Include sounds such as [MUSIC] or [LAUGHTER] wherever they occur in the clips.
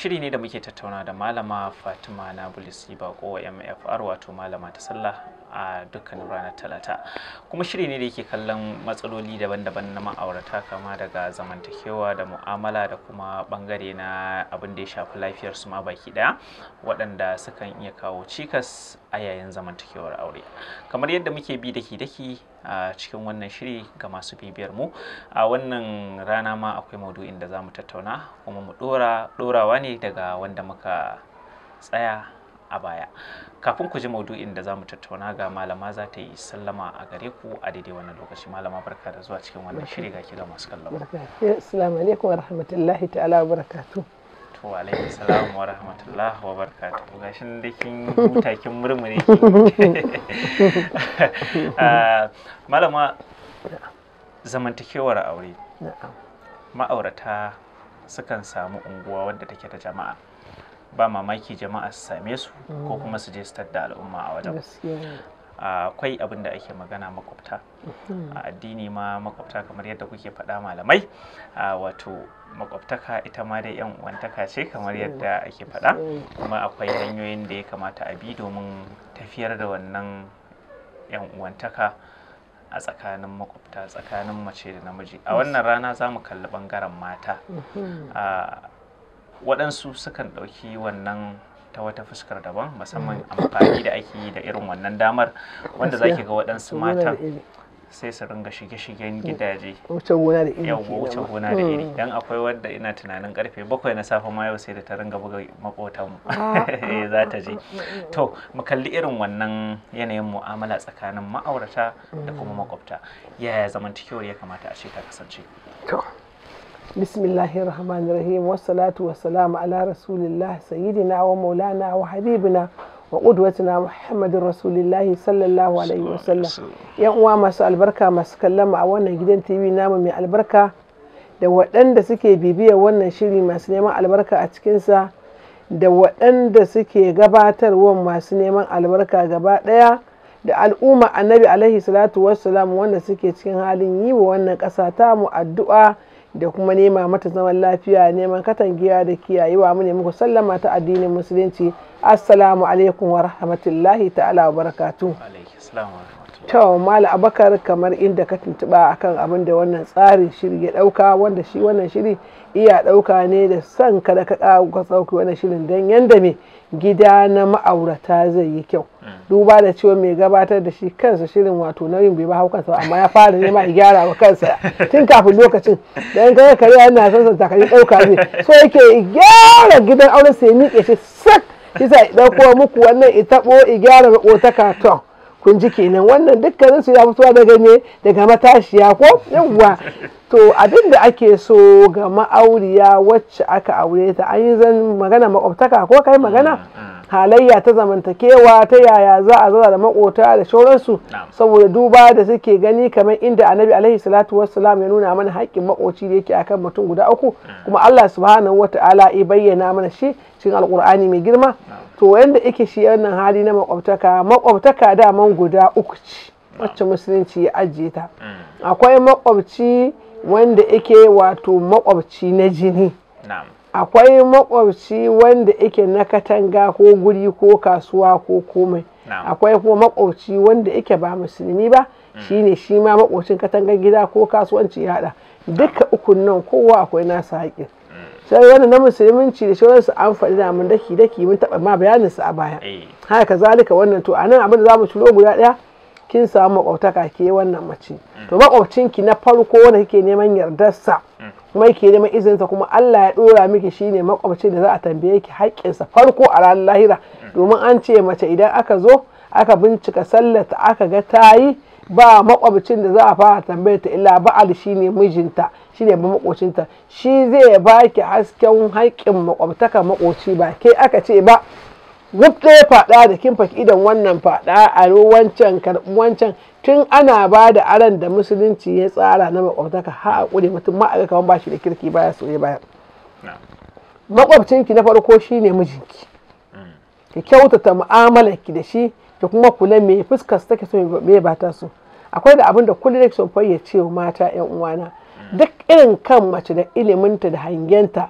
shiri ne da muke tattauna da malama fatima na bulisi bako mfr wato malama ta sallah a dukkanin ranar talata kuma shiri ne da yake kallon matsaloli daban-daban na ma'aurata kama daga zamantakewa da mu'amala da kuma bangare na abin da ya shafi lafiyar su ma baki daya waɗanda sukan iya kawo cikas a yayin zamantakewar aure kamar yadda muke bi daki-daki a cikin wannan shiri ga masu bibiyar mu a wannan rana ma akwai maudu'in da za mu tattauna kuma mu dora dorawa ne daga wanda muka tsaya a baya kafin ku ji maudu'in da za mu tattauna ga malama za ta yi sallama a gare ku a daidai wannan lokaci malama barka da zuwa cikin wannan shiri ga ki ga masu kallon eh, assalamu alaikum wa rahmatullahi ta'ala wa barakatuh wa alaihi salamu wa rahmatullah wa barakatuhu gashin da kin huta kin murmure ki [LAUGHS] ah, malama zamantakewar aure ma'aurata sukan samu unguwa wadda take da jama'a ba mamaki jama'a su same su ko mm. kuma su je su tadda al'umma a wajen akwai abin da ake magana makwabta mm-hmm. a addini ma makwabta kamar yadda kuke faɗa malamai wato makwabtaka ita ma dai yan uwantaka ce kamar yadda ake faɗa kuma akwai hanyoyin da ya kamata a bi domin tafiyar da wannan yan uwantaka a tsakanin makwabta tsakanin mace da namiji a wannan rana za mu kalli bangaren mata mm-hmm. waɗansu sukan ɗauki wannan ta wata fuskar daban musamman mm. amfani da ake yi da irin wannan damar wanda zaki ga wadansu matan sai su ringa shige-shigen mm. gidaje wuce gona wuce gona da iri mm. dan akwai wadda ina tunanin karfe bakwai na safe ma yau sai da ta ringa buga makotan mu ah, ah, [LAUGHS] eh, za ta ah, je to mu kalli irin wannan yanayin mu'amala tsakanin ma'aurata da kuma makwabta yaya zamantakewar ya kamata a ce ta kasance بسم الله الرحمن الرحيم والصلاة والسلام على رسول wa سيدنا ومولانا وحبيبنا وقدوتنا محمد رسول الله صلى الله عليه وسلم yan uwa masu albarka masu kallama a wannan gidan tv namu mai albarka da waɗanda suke bibiyar wannan shiri masu neman albarka a cikinsa da waɗanda suke gabatarwa masu neman albarka gaba ɗaya da al'umma annabi alaihi salatu wassalam wanda suke cikin halin yi wa wannan ƙasa tamu addu'a da kuma nema mata zaman lafiya neman katangiya da kiyayewa mu ne muku sallama ta addinin musulunci assalamu alaikum wa rahmatullahi ta'ala wa barakatu to mala abakar kamar inda ka tuntuba akan abin da wannan tsarin shiri ya dauka wanda shi wannan shiri iya dauka ne da san kada ka ka wannan shirin dan yanda me gida na ma'aurata zai yi kyau mm. duba da cewa mai gabatar da shi kansa shirin wato nauyin bai ba hau kansa amma ya fara nema a gyara wa kansa tun kafin lokacin da yan kare kare yana son son takalmi ɗauka ne so yake gyara gidan auren sai ya miƙe shi sak yasa ɗauko muku wannan itaɓo i gyara ta ton kun ji kenan wannan dukkanin su ya fito da ne daga matashiya ko yawwa to abin da ake so ga ma'auriya wacce aka aure ta an yi zan magana makwabtaka ko kai magana mm, mm. halayya ta zamantakewa ta yaya za a zauna da makota da shauransu saboda duba da suke gani kamar inda annabi alaihi salatu wassalam ya nuna mana haƙƙin makoci da yake akan mutum guda uku kuma Allah subhanahu wata'ala ya bayyana mana shi cikin alkur'ani mai girma to yanda yake shi wannan hali na makwabtaka makwabtaka daman guda uku ce wacce musulunci ya ajiye ta mm. akwai makwabci wanda yake wato makwabci na jini akwai makwabci wanda yake na katanga ko guri ko kasuwa ko komai akwai kuma makwabci wanda yake ba musulmi ba mm. shine shi ma makwabcin katangar gida ko kasuwanci ya hada duka ukun nan kowa akwai nasa haƙƙi mm. sai wani na musulminci da shawararsu an faɗi da mun daki daki mun taɓa ma bayanin su a baya eh. haka zalika wannan to anan abin da zamu ciro guda ɗaya kin samu makwabtaka ke wannan mace mm. to makwabcinki na farko wanda kike neman yardarsa kuma yake neman izininsa kuma Allah ya dora miki shine makwabci da za a tambaye ki sa farko a ranar lahira domin an ce mace idan aka zo aka bincika sallata aka ga tayi ba makwabcin da za a fara tambaye ta illa ba'al shine mijinta shine ba makocinta shi zai baki hasken haƙƙin makwabtaka makoci ba ke aka ce ba ya faɗa da kin faki idan wannan faɗa a wancan karɓi wancan tun ana ba da aran da musulunci ya tsara na makwabtaka ha a ƙure mutum ma a bashi da kirki baya soye baya makwabcinki na farko shine mijinki mm. ki kyautata ki da shi ki kuma kula mai fuskar take so me ba ta so akwai da abin da kullum nake son fayyace wa mata yan uwana mm. duk irin kan mace da iliminta da hangenta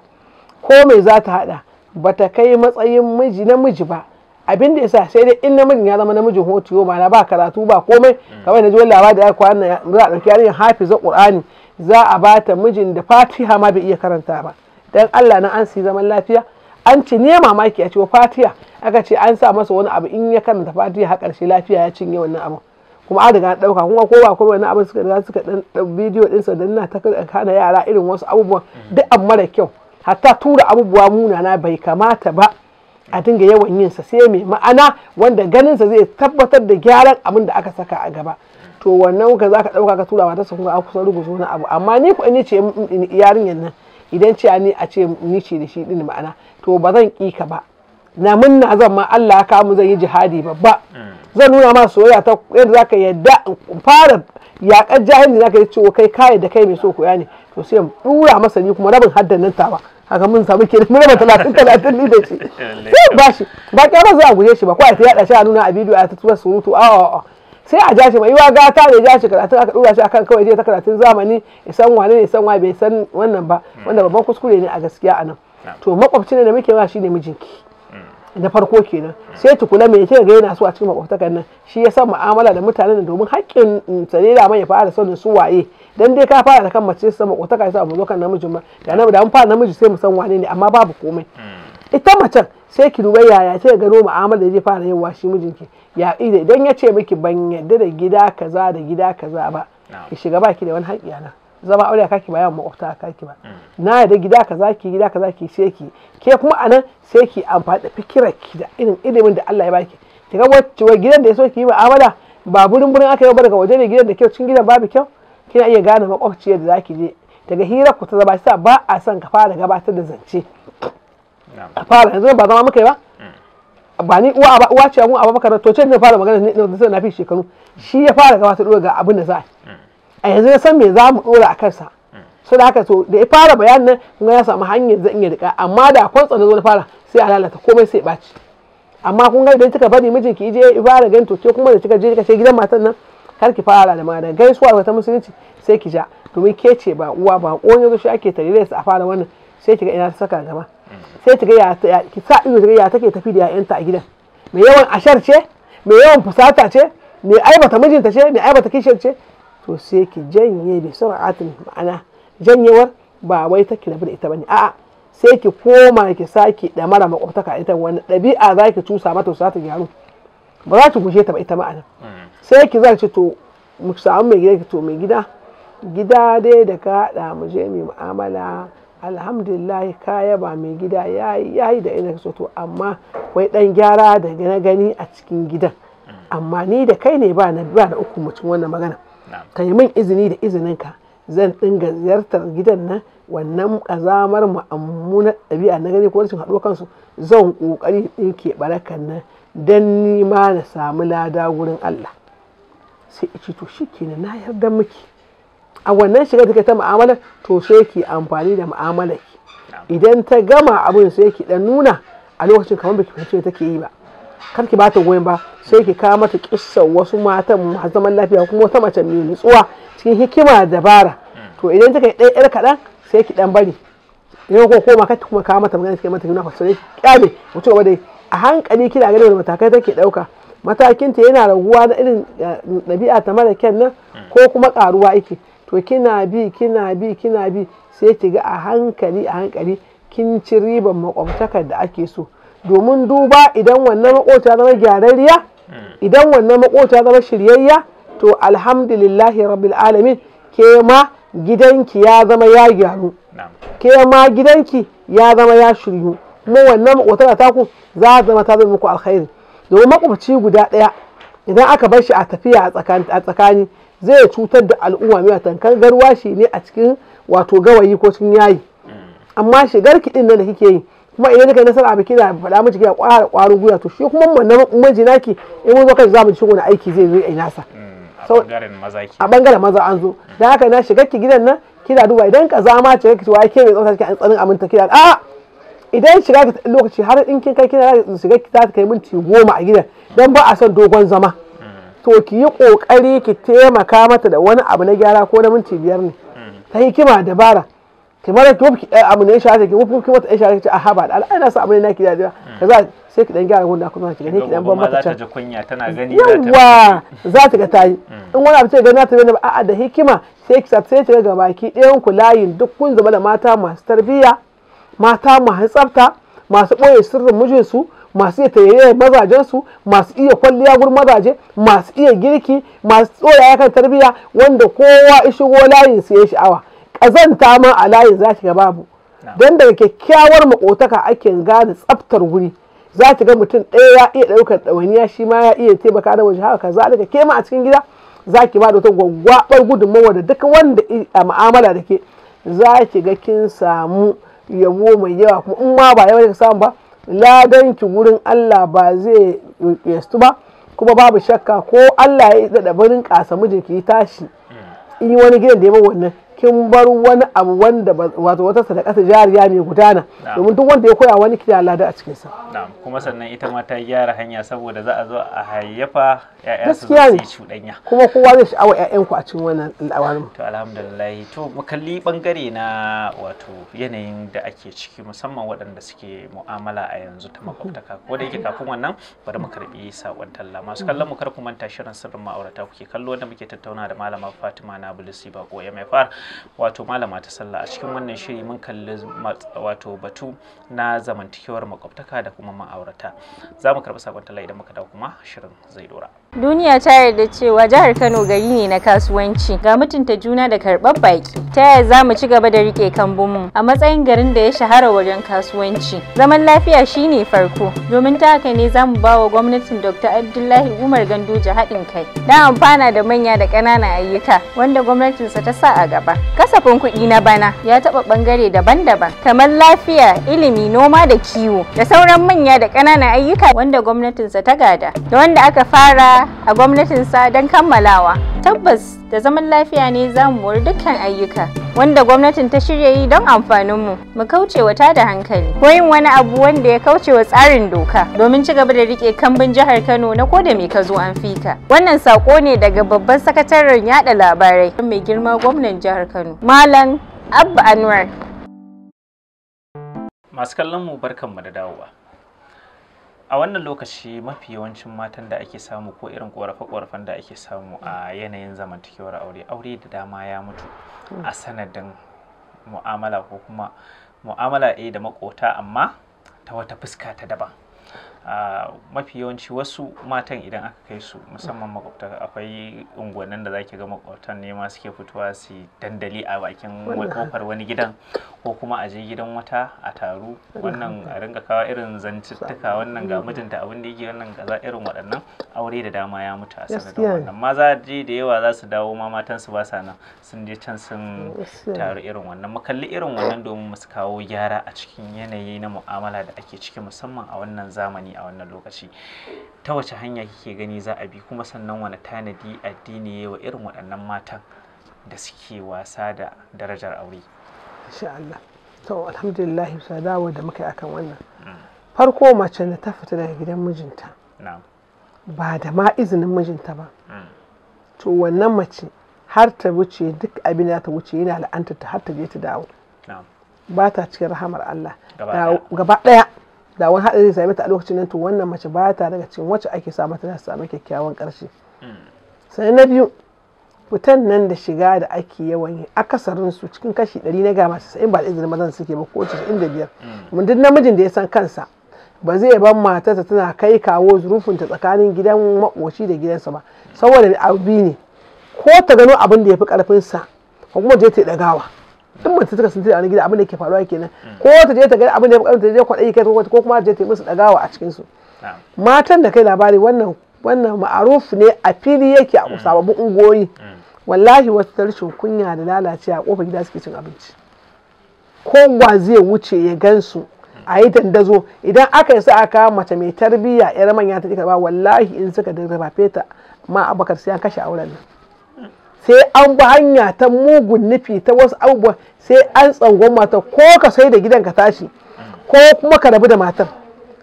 ko me za ta haɗa bata kai matsayin miji namiji ba abin da yasa sai dai in namijin ya zama namijin hoti ma'ana ba karatu ba komai mm. kamar na ji wani da ya kwana za a ɗauki yarinyar hafiza qur'ani za a bata mijin da fatiha ma bai iya karanta ba dan Allah na an si zaman lafiya an ci ne mamaki a cewa fatiha aka ce an sa masa wani abu in ya karanta fatiha har karshe lafiya ya cinye wannan abu kuma an riga ɗauka kuma ko ba ko wani abu suka riga suka dan bidiyo ɗinsa dan na ta kana yara irin wasu abubuwan mm. duk an mara kyau hatta tura abubuwa munana bai kamata ba a dinga yawan yin sa sai mai ma'ana wanda ganin sa zai tabbatar da gyaran abin da aka saka a gaba to wannan ka zaka dauka ka tura mata kun ga kusa rubuta na abu amma ni ko ni ce yarinyar nan idan ce ni a ce ni ce da shi din ma'ana to ba zan ki ka ba na munna zan ma Allah ya kawo mu zan yi jihadi babba zan nuna ma soyayya ta yadda zaka yadda fara yakar jahili zaka yi ciwo kai kai da kai mai so koya ne to sai mu dura masa ni kuma rabin haddan nan tawa haka mun samu ke mun raba talatin talatin ni da shi sai ba shi ba ba za a guje shi ba ko a ta yada shi a nuna a bidiyo a ta tura surutu a a sai a ja shi mai yiwa gata ne ja shi karatun aka dora shi akan kawai je ta karatun zamani isan wane ne isan wa bai san wannan ba hmm. wanda babban kuskure ne a gaskiya anan to makwabcin da muke ma shine mijinki na farko kenan sai Tukula mai yake ga yana so a cikin makwabtakan nan shi ya san mu'amala da mutanen domin haƙƙin tsare mm, da mai fara sanin su waye dan dai ka fara da kan mace sai makwabtaka sai mu zo kan namiji ma da na da fara namiji sai mu san wane ne amma babu komai hmm. ita macen sai ki duba yaya ce gano mu'amala da zai fara yawa shi mijinki ya idan ya ce miki ban yadda da gida kaza da gida kaza ba ki shiga baki da wani haƙƙi nan zama aure kake ba yawan makwabta kake ba mm. na yadda gida ka zaki gida ka zaki sai ki ke kuma anan sai ki amfani da fikirar ki da irin ilimin da Allah ya baki ki ga wacce wa gidan da ya so ki yi mu'amala ba burin burin aka yi daga waje ne gidan da kyau cikin gidan babu kyau kina iya gane makwabciyar da zaki je daga hira ku ta zama sa ba a son ka fara gabatar da zance a fara yanzu ba zama muka yi ba mm. ba ni uwa ba uwa ce mu abubakar to ce ne fara magana ne na fi shekaru shi ya fara gabatar da ga abin da za a yi mm. a yanzu ya san me za mu dora a kansa so da haka to da ya fara bayanin nan kuma ya samu hanyar zan iya rika amma da kwantsa na zo na fara sai a lalata komai sai baci amma kun ga idan kika bari mijin ki je ibara gan to ke kuma da kika je kika ce gidan matan nan kar ki fara da mana gaisuwa ta musulunci sai ki ja domin ke ce ba uwa ba ko yanzu shi ake tarire su a fara wannan sai kika ina saka gaba sai ya ki sa ido ya take tafi da yayanta a gidan mai yawan ashar ce mai yawan fusata ce mai aibata mijinta ce mai aibata kishin ce to sai ki janye bi sur'atin ma'ana janyewar ba wai ta kirabi da ita bane a'a sai ki koma ki saki da mara makwabtaka ita wani ɗabi'a za ki cusa mata za ta gyaru ba za ki gushe ta ba ita ma'ana mm. sai ki za ce to mu samu mai gida to mai gida gida dai da ka haɗa mu je mu mu'amala alhamdulillah ka yaba mai gida ya yi da ina so to amma wai dan gyara da na gani a cikin gidan mm. amma ni da kai ne ba na da uku mutum wannan magana ka yi min izini da izininka zan dinga ziyartar gidan nan wannan kazamar ma'ammunar ɗabi'a na gani ko rashin haɗu kansu zan ƙoƙari in ke barakan nan Dan ni ma na samu lada wurin Allah sai ice to shi na yarda miki a wannan shiga take ta mu'amala to sai ki amfani da mu'amala idan ta gama abin sai ki dan nuna a lokacin kamar baki ta take yi ba kar ki bata goyon ba sai ki kawo mata kissa wasu matan masu zaman lafiya kuma wata mace mai nutsuwa cikin hikima da dabara to idan kika yi ɗaya yar kaɗan sai ki ɗan bari yau ko koma kai kuma kawo mata magana sai mata ki fasa sai kyale mu ba dai a hankali kina ganin wani matakai take ɗauka matakin ta yana raguwa na irin ɗabi'a ta mara kyan nan ko kuma ƙaruwa yake to kina bi kina bi kina bi sai ki ga a hankali a hankali kin ci riban makwabtakar da ake so domin duba idan wannan makota zama gyararriya hmm. idan wannan makota zama shiryayya to alhamdulillahi rabbil alamin ke ma gidanki ya zama ya gyaru ke ma gidanki ya zama ya shiryu kuma wannan makotar taku za zama ta zama muku alkhairi domin makwabci guda ɗaya idan aka bar shi a tafiya a tsakani zai cutar da al'umma mai tankar garwashi ne a cikin wato gawayi ko cikin yayi hmm. amma shigar kiɗin nan da kike yi kuma idan kai nasara a biki da faɗa miki ya ƙwara ƙwarin gwiwa to shi kuma wannan miji naki in mun zo kai zamu mu wani aiki zai zo yi nasa mm, a bangaren maza an zo da haka na shiga ki gidan nan kina duba idan ka zama ce kake cewa ke mai tsafta kike an tsarin aminta kina a idan shiga ta lokaci har in kin kai kina shiga ki za ta kai minti goma a gidan dan ba a son dogon zama mm. to ki yi kokari ki taimaka mata da wani abu na gyara ko na minti biyar ne mm. ta hikima dabara kamar mara ki wofi eh, abu ne shahara ki wofi kuma wata ya shara ki a haba da al'ada sa abu ne naki da hmm. ka za sai ki dan gyara wanda kuma ki gani ki dan ban mata can kunya tana gani yawa za ta ga tayi hmm. in wani abu ce gani ta ba a'a da hikima sai ki sai ki ga baki ɗayan ku layin duk kun zama da mata masu tarbiyya mata masu tsafta masu ɓoye sirrin mijinsu masu iya tayayyar mazajensu masu iya kwalliya gurin mazaje masu iya girki masu tsoraya kan tarbiyya wanda kowa shigo layin su ya sha'awa ƙazanta ma a layin za ki ga babu don daga kyakkyawar makotaka ake gane tsaftar wuri za ki ga mutum ɗaya ya iya ɗaukar ɗawainiya shi ma ya iya taimaka da wajen haka za daga ke ma a cikin gida za ki ba da wata gwaggwaɓar gudunmawa da duk wanda a ma'amala da ke za ki ga kin samu yabo mai yawa kuma in ma ba yawa ka samu ba ladanki wurin Allah ba zai yastu ba kuma babu shakka ko Allah ya yi daɗa barin ƙasa mijinki ya tashi hmm. in yi wani gidan da ya wannan kin bar wani abu wanda wato wata sadaka ta jariya mai gudana domin duk wanda ya koya wani kiyar lada a cikinsa kuma sannan ita ma ta gyara hanya saboda za a zo a hayyafa ƴaƴa su yi cuɗanya kuma kowa zai sha'awa ya'yan ku a cikin wannan al'awarin to alhamdulillah to mu kalli bangare na wato yanayin da ake ciki musamman waɗanda suke mu'amala a yanzu ta makwabtaka ko da yake kafin wannan bari mu karbi sakon talla masu kallon mu kar ku manta shirin sirrin ma'aurata kuke kallo wanda muke tattauna da malama Fatima na ba Bako MFR wato malama ta sallah a cikin wannan shiri mun kalli wato batu na zamantakewar makwabtaka da kuma ma'aurata za mu karɓi sakon talla idan muka dawo kuma shirin zai dora duniya ta yarda cewa jihar kano gari ne na kasuwanci ga mutunta juna da karɓar baki ta yaya za mu ci gaba da riƙe kambunmu a matsayin garin da ya shahara wajen kasuwanci zaman lafiya shine farko domin ta haka ne za mu ba wa gwamnatin dr abdullahi umar ganduje haɗin kai da amfana da manya da ƙanana ayyuka wanda gwamnatinsa ta sa a gaba Kasafin kuɗi na bana ya taɓa ɓangare daban-daban kamar lafiya, ilimi, noma da kiwo da sauran manya da ƙananan ayyuka wanda gwamnatinsa ta gada da wanda aka fara a gwamnatinsa don kammalawa. Tabbas da zaman lafiya ne za mu dukkan ayyuka wanda gwamnatin ta shirya yi don amfaninmu mu kauce wa tada hankali ko yin wani abu wanda ya kauce wa tsarin doka domin ci gaba da rike kambin jihar Kano na ko da me ka zo an fika. Wannan sako ne daga babban sakataren yada labarai mai girma gwamnan jihar Kano Malam Abba Anwar. Masu kallon mu barkanmu da dawowa. a wannan lokaci mafi yawancin matan da ake samu ko irin korafe-korafen da ake samu a yanayin zamantakewar aure aure da dama ya mutu hmm. a sanadin mu'amala ko kuma mu'amala ɗaya da makota amma ta wata fuska ta daban mafi yawanci wasu matan idan aka kai su musamman makwabta akwai unguwannin da zaki ga makwabtan nema suke fitowa su dandali a bakin kofar wani gidan ko kuma a je gidan wata a taru wannan a ringa kawa irin zantuttuka wannan ga mijinta abin da yake wannan kaza irin waɗannan aure da dama ya mutu a sanadin wannan maza je da yawa za su dawo ma matan su ba sa nan sun je can sun taru irin wannan mu kalli irin wannan domin mu su kawo gyara a cikin yanayi na mu'amala da ake ciki musamman a wannan zamani addini a wannan lokaci ta wace hanya kike gani za a bi kuma sannan wani tanadi addini wa irin waɗannan matan da suke wasa da darajar aure insha Allah to alhamdulillah da dawo da muka akan wannan mm. farko mace da ta fita daga gidan mijinta ba da ma izinin mijinta ba mm. to wannan mace har ta wuce duk abin da ta wuce yana la'antar ta har ta je ta dawo ba ta cikin rahamar Allah gaba daya da wani haɗari zai same ta a lokacin nan to wannan mace ba ta daga cikin wacce ake sa mata ta samu kyakkyawan ƙarshe sannan na biyu fitan nan da shiga da ake yawan yi akasarin su cikin kashi ɗari na gama sa'in ba da izinin mazan suke ba ko biyar mun duk namijin da ya san kansa ba zai ban matarsa tana kai kawo zurufin ta tsakanin gidan makoci da gidansa ba saboda abu ne ko ta gano abin da ya fi karfinsa ko kuma je ta ɗagawa. in mace suka sun wani gida abin da ke faruwa kenan mm. ko ta je ta ga abin da ya ta je kwaɗayi kai ko kuma ta je ta yi musu ɗagawa a cikin su matan da kai labari wannan wannan ma'aruf ne a fili yake a mm. sababbin ungoyi mm. wallahi wata rashin kunya da lalace a kofar gida suke cin abinci kowa zai wuce ya gansu a yi dandazo idan aka yi sa'a kawo mace mai tarbiyya yar manya ta karba wallahi in suka dirba feta ma abakar sai an kashe auren nan sai an bi hanya ta mugun nufi ta wasu abubuwa sai an tsangon mata ko ka sai da gidan ka tashi ko kuma ka rabu da matar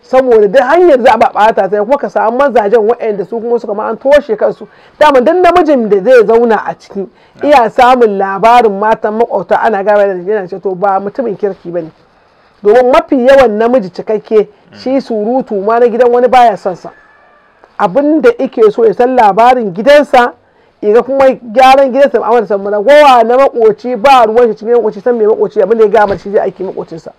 saboda duk hanyar za a ɓata sai kuma ka samu mazajen waɗanda su kuma suka kama an toshe kansu dama dan namijin da zai zauna a ciki iya samun labarin matan makwauta ana gaba da yana ce to ba mutumin kirki bane domin mafi yawan namiji cikakke shi surutu ma na gidan wani baya son sa abin da ike so ya san labarin gidansa idan kuma gyaran gidan sa amma san mana kowa na makoci ba ruwan shi cikin makoci san me makoci abin da ya gama shi zai aiki makocin sa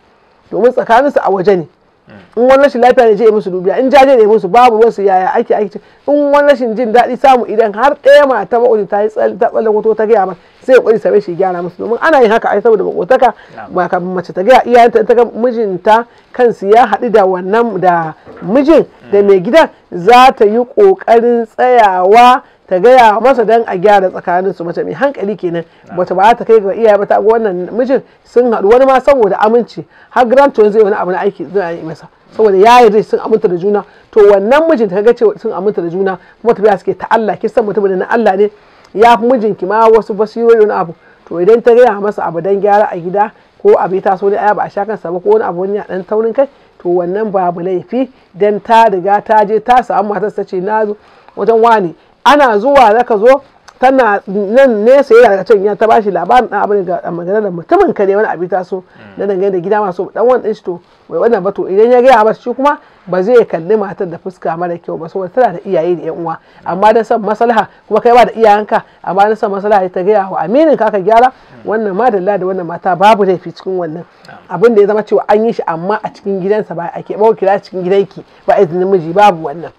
domin tsakanin su a waje ne hmm. in wani rashin lafiya ne je yi musu dubiya in jaje ne musu babu ruwan su yaya ake aiki in wani rashin jin daɗi samu idan har ɗaya mata makoci ta yi tsalle wato ta gaya masa sai ya kwari same shi gyara musu domin ana yin haka ai saboda makotaka ba kafin mace ta gaya iyayenta ta ga mijinta kansu ya haɗu da wannan da mijin da hmm. mai gidan za ta yi ƙoƙarin tsayawa ta gaya masa dan a gyara tsakanin su mace mai hankali kenan mace ba ta kai ga iyaye ba ta ga wannan mijin sun haɗu wani ma saboda aminci har grand to zai wani abu na aiki zai yi masa saboda yayi zai sun aminta da juna to wannan mijin ta ga cewa sun aminta da juna kuma ta suke ta Allah ki san mutum da na Allah ne ya fi ki ma wasu basirori wani abu to idan ta gaya masa abu dan gyara a gida ko abu ta so ne aya ba a sha kansa ba ko wani abu wani dan taurin kai to wannan babu laifi dan ta riga ta je ta samu matar ta ce na zo wajen wani ana zuwa zaka zo tana nan nesa yana daga can ya ta bashi labarin abin ga magana da mutumin ka ne wani abin taso mm. na dangane da gida masu dan wani din shi to mai wannan bato idan ya gaya masa shi kuma ba zai kalli matar da fuska mara kyau ba saboda tana da iyaye da yan uwa mm. amma dan san maslaha kuma kai ba da iyayenka amma dan san maslaha ta gaya wa aminin ka ka gyara mm. wannan ma da da wannan mata babu fi cikin wannan abin da ya zama cewa an yi shi amma a cikin gidansa ba ake ba kira cikin gidanki ba izinin miji babu wannan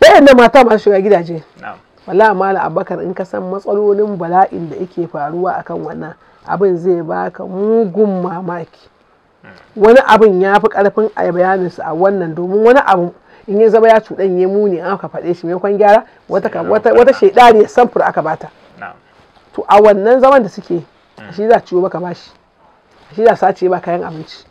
waɗanda mata masu shiga gidaje wala mala abakar in ka san matsalolin bala'in da yake faruwa akan wannan abin zai baka mugun mamaki hmm. wani abin ya fi karfin a bayanin a wannan domin wani abu in ya zama ya ya muni an ka faɗe shi maimakon gyara wata shaidari ya samfur aka bata to a wannan zaman da suke hmm. shi za ciwo maka bashi shi za sace ba kayan abinci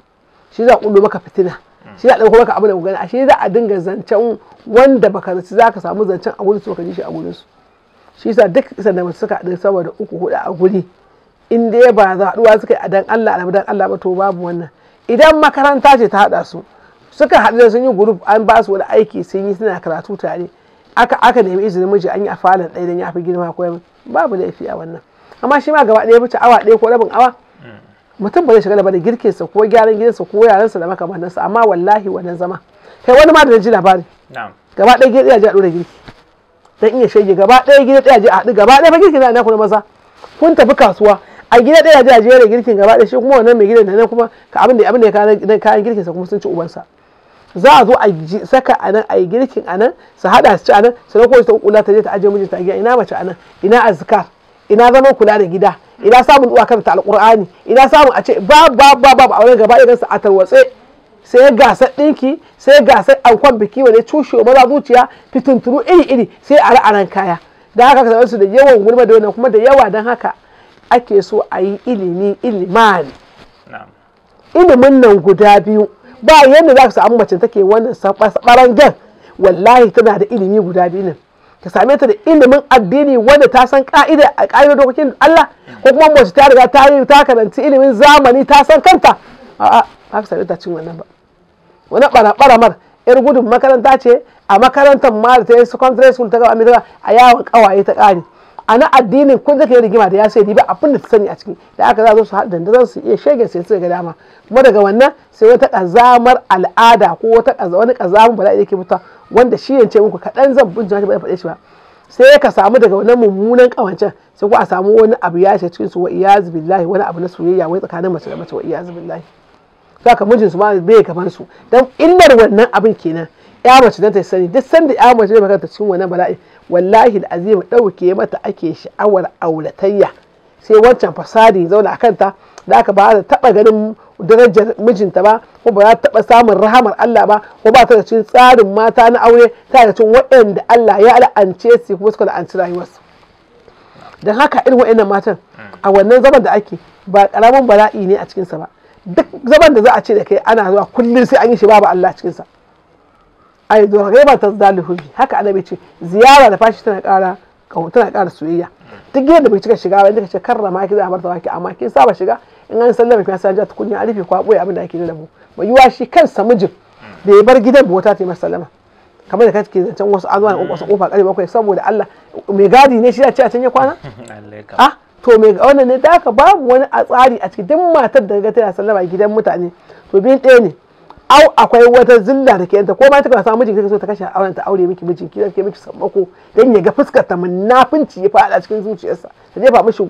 shi za ƙudu maka fitina Mm. shi ya ɗauko maka abin da gani ashe za a dinga zancen wanda baka zaci za ka samu zancen a wurin su ka ji shi a gurin su shi yasa duk sanda mace suka haɗu saboda uku hudu a guri in dai ba haɗuwa suka yi a dan Allah a dan Allah ba to babu wannan idan makaranta ce ta haɗa su suka haɗu da sun yi group an ba su wani aiki sun yi suna karatu tare aka aka nemi izinin miji an yi a falon ɗaya don ya fi girma ko babu laifi a wannan amma shi ma gaba ɗaya wuce awa ɗaya ko rabin awa mutum ba zai shiga ba da girkinsa ko gyaran gidansa ko yaransa da makamantansa amma wallahi wannan zama kai wani ma da ji labari gaba ɗaya gida ɗaya ji a ɗora girki dan iya shege gaba ɗaya gida ɗaya ji a haɗu gaba ɗaya ba da na na maza kun tafi kasuwa a gida ɗaya ji a jere girkin gaba ɗaya shi kuma wannan mai gidan nan kuma ka abin da abin da kayan girkinsa kuma sun ci ubansa za a zo a saka a nan a yi girkin a nan su haɗa su ci a nan su na kowace ta kula ta je ta ajiye mijinta a gida ina mace a nan ina azkar ina zama kula da gida ina samun uwa karanta alkur'ani ina samun a ce ba ba ba ba a wani gaba idan sa a tarwatse sai gasar ɗinki sai gasar ankon biki wani cushe maza zuciya fitintunu iri iri sai a ra'aran kaya da haka ka su da yawan gulma da wannan kuma da yawa don haka ake so a yi ilimi ilimani ilimin nan guda biyu ba yadda za ka samu mace take wannan gan wallahi tana da ilimi guda biyu nan ka same ta da ilimin addini wanda ta san ka'ida a ka'idar dokokin Allah ko kuma mace ta riga ta yi ta karanci ilimin zamani ta san kanta a'a ba ka same ta cin wannan ba wani bara mar yar gudun makaranta ce a makarantar ma da ta yi secondary school ta gaba a yawon kawaye ta kare a na addinin kun zaka yi rigima da ya sai ba abin da ta sani a ciki da aka za su haɗa da su iya shege sai suka ga dama kuma daga wannan sai wata kazamar al'ada ko wata wani kazamar bala'i yake mutuwa wanda shi yance muku kaɗan zan bincika shi ba ya faɗe shi ba sai ka samu daga wannan mummunan kawancen sai ku a samu wani abu ya shi cikin su wa iyaz billahi wani abu na soyayya wai tsakanin mace da mace wa iyaz billahi haka mijin su ba bai gaban su dan illar wannan abin kenan ya mace dan ta sani duk sanda ya mace da ta cikin wannan bala'i wallahi da azim ɗauke mata ake sha'awar auratayya sai wancan fasadi zauna a kanta da aka ba ta taɓa ganin darajar mijinta ba ko ba za ta taɓa samun rahamar Allah ba ko ba ta da cikin tsarin mata na aure ta da cikin waɗanda Allah ya la'ance su kuma suka la'anci rayuwarsu don haka irin waɗannan matan a wannan zaman da ake ba ƙaramin bala'i ne a cikinsa ba duk zaman da za a ce da kai ana zuwa kullum sai an yi shi babu Allah cikinsa ai zo gaiba ta zalu hubi haka annabi ce ziyara da fashi tana ƙara tana kara soyayya duk da bai cika shiga ba inda kace da ki za a barta waki amma kin saba shiga in an sallama kin sa ta kunya arife ko aboye abin da ake da mu bai yiwa shi kansa mijin da ya bar gidan bota ta yi sallama kamar da kake ke zancen wasu azuwa da kokosa kofa kare bakwai saboda Allah mai gadi ne shi ya ce a can ya kwana [LAUGHS] ah to mai wannan ne da aka babu wani a tsari a cikin duk matar da ga tana sallama gidan mutane to bin ɗaya ne au akwai wata zilla da ke yanta ko ma ta samu mijin kake so ta kashe auren ta aure miki mijin ki zake miki sammako dan ya ga fuskar ta munafinci ya fada cikin zuciyarsa ta jefa mishi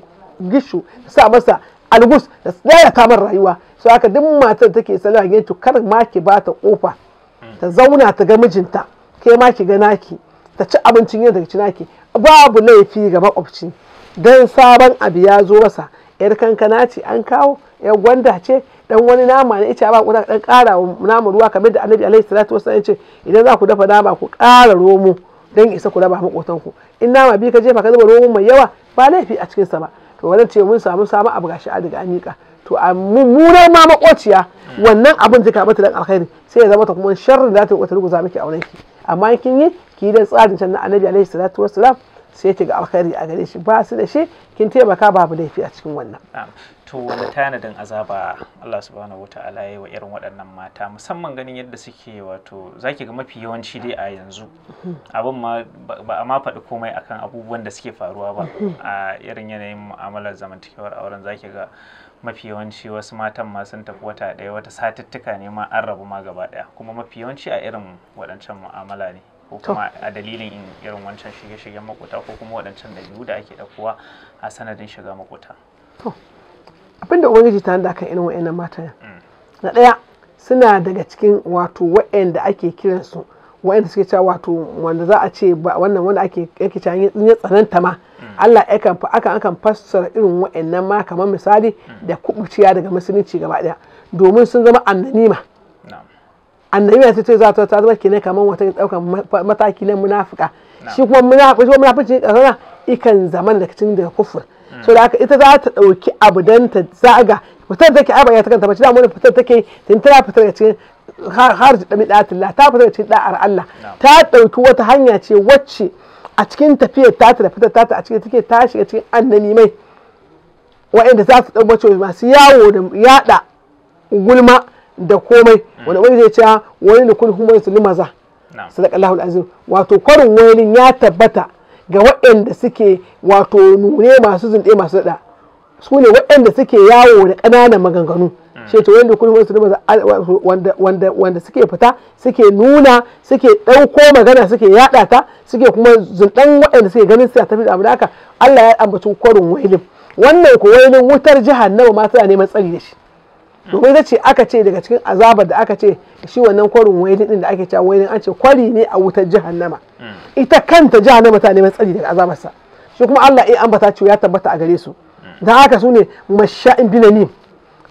gishu ta sa masa algus da tsaya kamar rayuwa Su haka duk matar take sallah gidan to kar ma ki ba ta kofa ta zauna ta ga mijinta kai ma ki ga naki ta ci abincin yau daga naki babu laifi ga makwabci dan sabon abu ya zo masa yar kankana ce an kawo yar gwanda ce dan wani nama ne ice ba ku dan ƙara nama ruwa kamar da annabi alaihi salatu wasallam ce idan za ku dafa nama ku kara romo dan isa ku raba makotan ku in nama bi ka jefa ka zuba romo mai yawa ba laifi a cikin sa ba to wannan ce mun samu sama abu gashi a daga amika to a mure ma makociya wannan abin zaka bata dan alkhairi sai ya zama ta kuma sharrin da ta wata ruguza miki auren ki amma kin yi ki dan tsarin can na annabi alaihi salatu wasallam sai ki ga alkhairi a gare shi ba su da shi kin taimaka babu laifi a cikin wannan to wani tanadin azaba Allah subhanahu wa ta'ala ya wa irin waɗannan mata musamman ganin yadda suke wato zaki ga mafi yawanci dai a yanzu abin ma ba a ma faɗi komai akan abubuwan da suke faruwa ba a irin yanayin mu'amalar zamantakewar auren zaki ga mafi yawanci wasu matan ma sun tafi wata ɗaya wata satuttuka ne ma an rabu ma gaba ɗaya kuma mafi yawanci a irin waɗancan mu'amala ne ko kuma a dalilin irin wancan shige-shigen makota ko kuma waɗancan ɗabi'u da ake ɗaukowa a sanadin shiga makota. abinda ubangiji ta da kan irin wa'annan matan na ɗaya suna daga cikin wato wa'anda ake kiransu wa'anda suke cewa wato wanda za a ce wannan wanda ake yake cewa ya tsananta ma Allah yakan fa akan akan fassara irin wa'annan ma kamar misali da kubuciya daga musulunci gaba daya domin sun zama annanima annanima ta ce za ta zama kenan kamar wata daukan mataki na munafuka shi kuma munafiki shi munafici ne ikan zaman da cikin daga kufur so da haka ita za ta ɗauki abu dan ta zaga fitar take ai ya ta kanta ba da mun fitar take tin tana fitar da cikin har da mi datillah ta fitar da cikin da'ar Allah ta ɗauki wata hanya ce wacce a cikin tafiyar ta da fitar ta ta a cikin take ta shiga cikin annani mai wa'anda za su ɗau mace masu yawo da yaɗa gulma da komai wani mm. wani zai cewa wani da kun kuma su limaza sadaqallahu alazim wato kwarin wani ya tabbata ga waɗanda suke wato nune masu zunɗe masu daɗa su ne waɗanda suke yawo da ƙananan maganganu mm. shi to wanda kuma wasu wanda wanda suke fita suke nuna suke ɗauko magana suke yaɗa ta suke kuma zunɗan waɗanda suke ganin suna tafi da abu da haka Allah ya ambaci kwarin wailin wannan ko wailin wutar jahannama ma tana neman tsari da shi mm. domin ita ce aka ce daga cikin azabar da aka ce shi wannan kwarin wailin din da ake cewa wailin an ce kwari ne a wutar nama. Hmm. ita kanta jahannama ta neman tsari daga azabarsa shi kuma Allah in ambata cewa ya tabbata a gare su hmm. dan haka su ne masha'in binani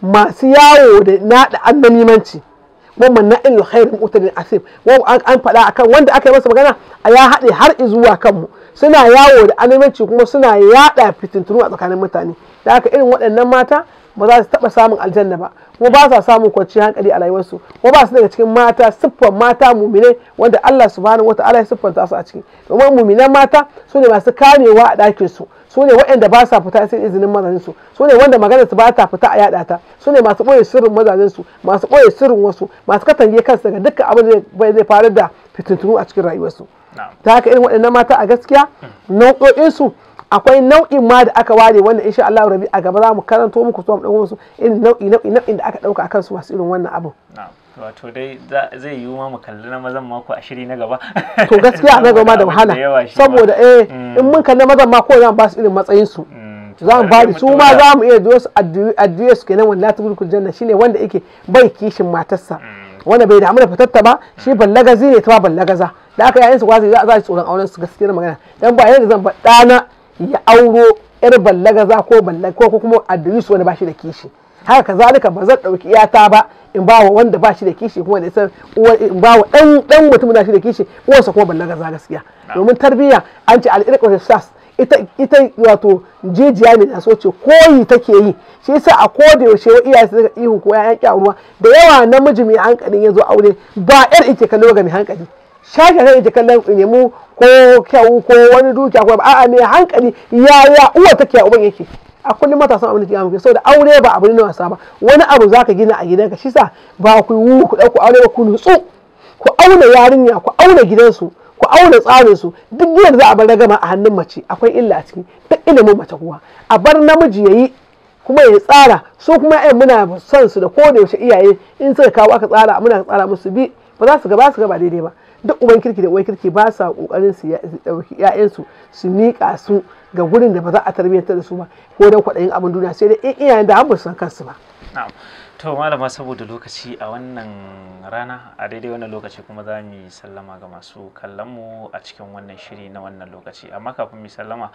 masu yawo da nada annamimanci wa manna'il khair mutadin asif wa an faɗa akan wanda aka yi masa magana a ya haɗe har zuwa kanmu suna yawo da annamimanci kuma suna yada fitintunu a tsakanin mutane da haka irin waɗannan mata ba za su taɓa samun aljanna ba kuma ba sa samun kwanci hankali a rayuwarsu kuma ba su daga cikin mata siffar mata mumine wanda Allah subhanahu wataala ya siffanta su a ciki domin muminan mata su ne masu kamewa a ɗakin su su ne waɗanda ba sa fita sai izinin mazajen su su ne wanda magana su ba ta fita a yaɗata. ta su ne masu ɓoye sirrin mazajen su masu ɓoye sirrin wasu masu katange kansu daga dukkan abin da zai faru da fitintunu a cikin rayuwarsu ta haka irin waɗannan mata a gaskiya nau'o'insu akwai nau'in ma da aka ware wanda insha Allah rabi a gaba za mu karanto muku su mu dauko musu irin nau'i nau'i nau'in da aka dauka akan su masu irin wannan abu. wato dai zai yi ma mu kalli na mazan ko a shiri na gaba [LAUGHS] to gaskiya na gaba da wahala saboda eh mm. in mun kalli mazan ma za mu ba su irin matsayin su mm. za mu bari su ma za mu iya jiyo su addu'a su kenan wallahi tabul janna shine wanda yake bai kishin matarsa mm. wanda bai damu da fitatta ba shi ballagazi ne ta ballagaza da aka yayin su kwazi za a tsoron auren su gaskiya magana dan ba yadda zan ba dana ya auro yar ballagaza ko ballag ko kuma adris wani bashi da kishi haka kazalika ba zan ɗauki iyata ba in ba wa wanda ba da kishi kuma da san in ba wa dan dan mutum da shi da kishi uwarsa kuma ballaga za gaskiya domin tarbiyya an ce al'irƙa sas ita ita wato jijiya ne da soce koyi take yi shi yasa a koda yaushe wa iyaye su ihu ko yayan kyaruwa da yawa namiji mai hankali ya zo aure ba yar ike kallo ga mai hankali shashi sai ta kallon tsinemu ko kyau ko wani dukiya ko a'a mai hankali yaya uwa take uban yake a kullum matasan abin da ke amince saboda aure ba abu ne na wasa ba wani abu zaka gina a gidanka shi sa ba ku yi wu ku aure ba ku nutsu ku auna yarinya ku auna gidansu ku auna tsarinsu su duk yadda za a bar ragama a hannun mace akwai illa a ciki duk ilimin mace kuwa a bar namiji ya yi kuma ya tsara su kuma 'yan muna son su da koda yaushe iyaye in suka kawo aka tsara muna tsara musu bi ba za su gaba su gaba daidai ba duk uban kirki da uban kirki ba sa kokarin su dauki ƴaƴansu su miƙa su ga gurin da ba za a tarbiyyantar da su ba ko dan kwaɗayin abin duniya sai dai iyayen da har ba su san kansu ba to malama saboda lokaci a wannan rana a daidai wannan lokaci kuma za mu yi sallama ga masu kallon mu a cikin wannan shiri na wannan lokaci amma kafin mu sallama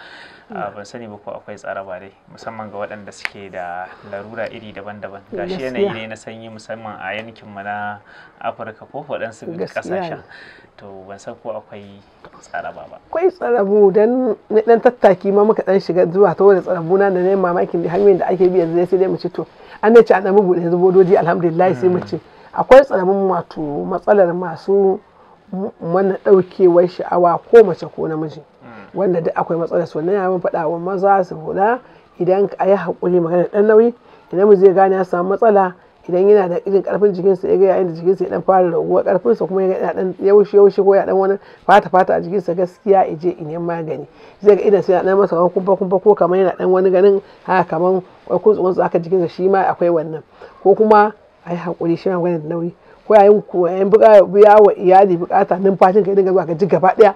ban sani ba ko akwai tsara ba dai musamman ga waɗanda suke da larura iri daban-daban gashi yanayi ne na sanyi musamman a yankin mu na afirka ko waɗansu ƙasashen to ban san ko akwai tsaraba ba akwai tsarabu dan dan tattaki ma muka dan shiga zuwa ta wani tsarabu na da ne mamakin da hanyoyin da ake bi yanzu sai dai mu ci to an ce an zama buɗe doji alhamdulillah sai mace akwai tsaramin wato matsalar masu mana ɗaukewar sha'awa ko mace ko namiji wanda duk akwai matsalar su wannan ya faɗa wa maza su hula idan a yi haƙuri magana ɗan nauyi idan mu zai gane ya samu matsala idan yana da irin karfin jikinsa ya ga yayin da jikinsa ya dan fara raguwa karfinsa kuma ya ga dan yaushe yaushe ko ya dan wani fata fata a jikinsa gaskiya ya je in magani zai ga idan sai ya dan masa wani kumfa kumfa ko kamar yana dan wani ganin haka kamar wai kun tsuntsu aka jikinsa shi ma akwai wannan ko kuma ai hakuri shi ma da nauyi ko yayin koyan biya wa iyali bukata numfashin ka dinga zuwa ka ji gaba daya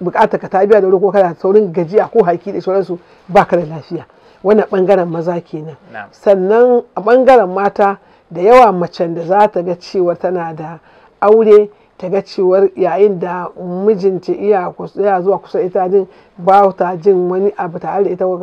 bukatar ka ta biya da wuri ko kana saurin gajiya ko haki da sauransu baka da lafiya wani bangaren maza kenan sannan a bangaren mata da yawa macen da za ta ga cewa tana da aure ta ga cewar yayin da mijinta iya zuwa kusa ita din ba ta jin wani abu tare da ita ko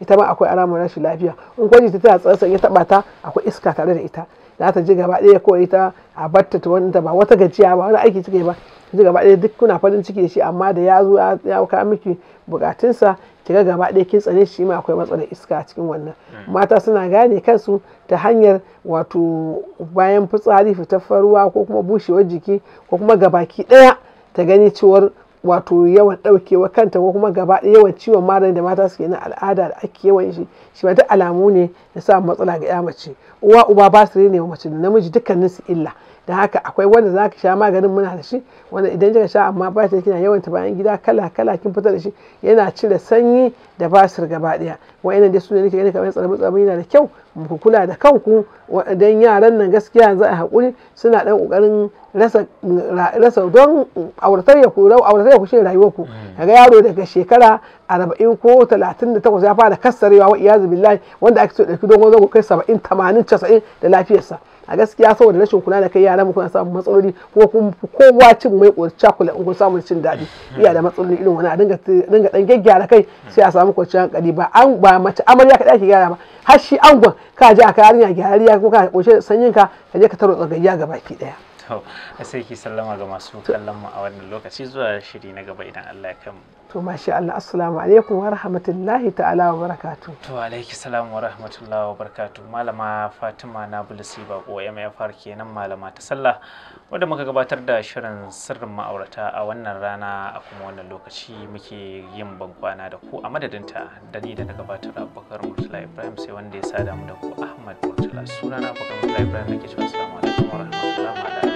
ita ma akwai alamar rashin lafiya in kwaji ta tana tsarsa ya taba ta akwai iska tare da ita za ta ji gaba ɗaya ko ita a batta ta wani ba wata gajiya ba wani aiki take ba ji gaba ɗaya duk kuna farin ciki da shi amma da ya zo ya kawo miki bukatunsa kiga gaba ɗaya kin tsane shi ma akwai matsalar iska a cikin wannan hmm. mata suna gane kansu ta hanyar wato bayan fitsari fitar ruwa ko kuma bushewar jiki ko kuma gabaki ɗaya ta gani cewar wato yawan ɗaukewa kanta ko kuma gaba ɗaya yawan ciwon magani da mata suke na al'ada da ake yawan shi shi ma duk alamu ne na sa matsala ga ya mace uwa uba ba su ne mace da namiji dukkanin su illa da haka akwai wanda za ka sha maganin muna da shi wanda idan kika sha amma ba kina yawan ta bayan gida kala kala kin fitar da shi yana cire sanyi da basir gaba daya wa'annan da su ne nake ganin kamar tsare tsarbi yana da kyau ku kula da kanku dan yaran nan gaskiya za a hakuri suna dan kokarin rasa rasa don auratar ya ku auratar ya ku shi rayuwar ku mm. kaga yaro daga shekara 40 ko 38 ya fara kassarewa wa iyazu billahi wanda ake so dauki dogon ku kai 70 80 90 da lafiyarsa a gaskiya saboda rashin kula da kai yaran mu kuna samun matsaloli kuma kowa cin mai kurciya kula in kun samu cin daɗi iya da matsaloli irin wani a dinga dinga dan gyaggyara kai sai a samu kwanciyar hankali ba an ba mace amarya ka dake gyara ba har shi angon ka je a yarinya gyarariya ko ka koshe sanyin ka ka je ka taro tsagayya ga baki daya to sai ki sallama ga masu kallon mu a wannan lokaci zuwa shiri na gaba idan Allah ya kai mu to masha Allah assalamu alaikum wa rahmatullahi ta'ala wa barakatu to alaiki salam wa rahmatullahi wa barakatu malama fatima na bulisi bako ya fara kenan malama ta sallah wadda muka gabatar da shirin sirrin ma'aurata a wannan rana a kuma wannan lokaci muke yin bankwana da ku a madadinta da ni da na gabatar abubakar murtala ibrahim sai wanda ya sada mu da ku ahmad murtala sunana abubakar murtala ibrahim nake cewa assalamu alaikum wa rahmatullahi wa barakatu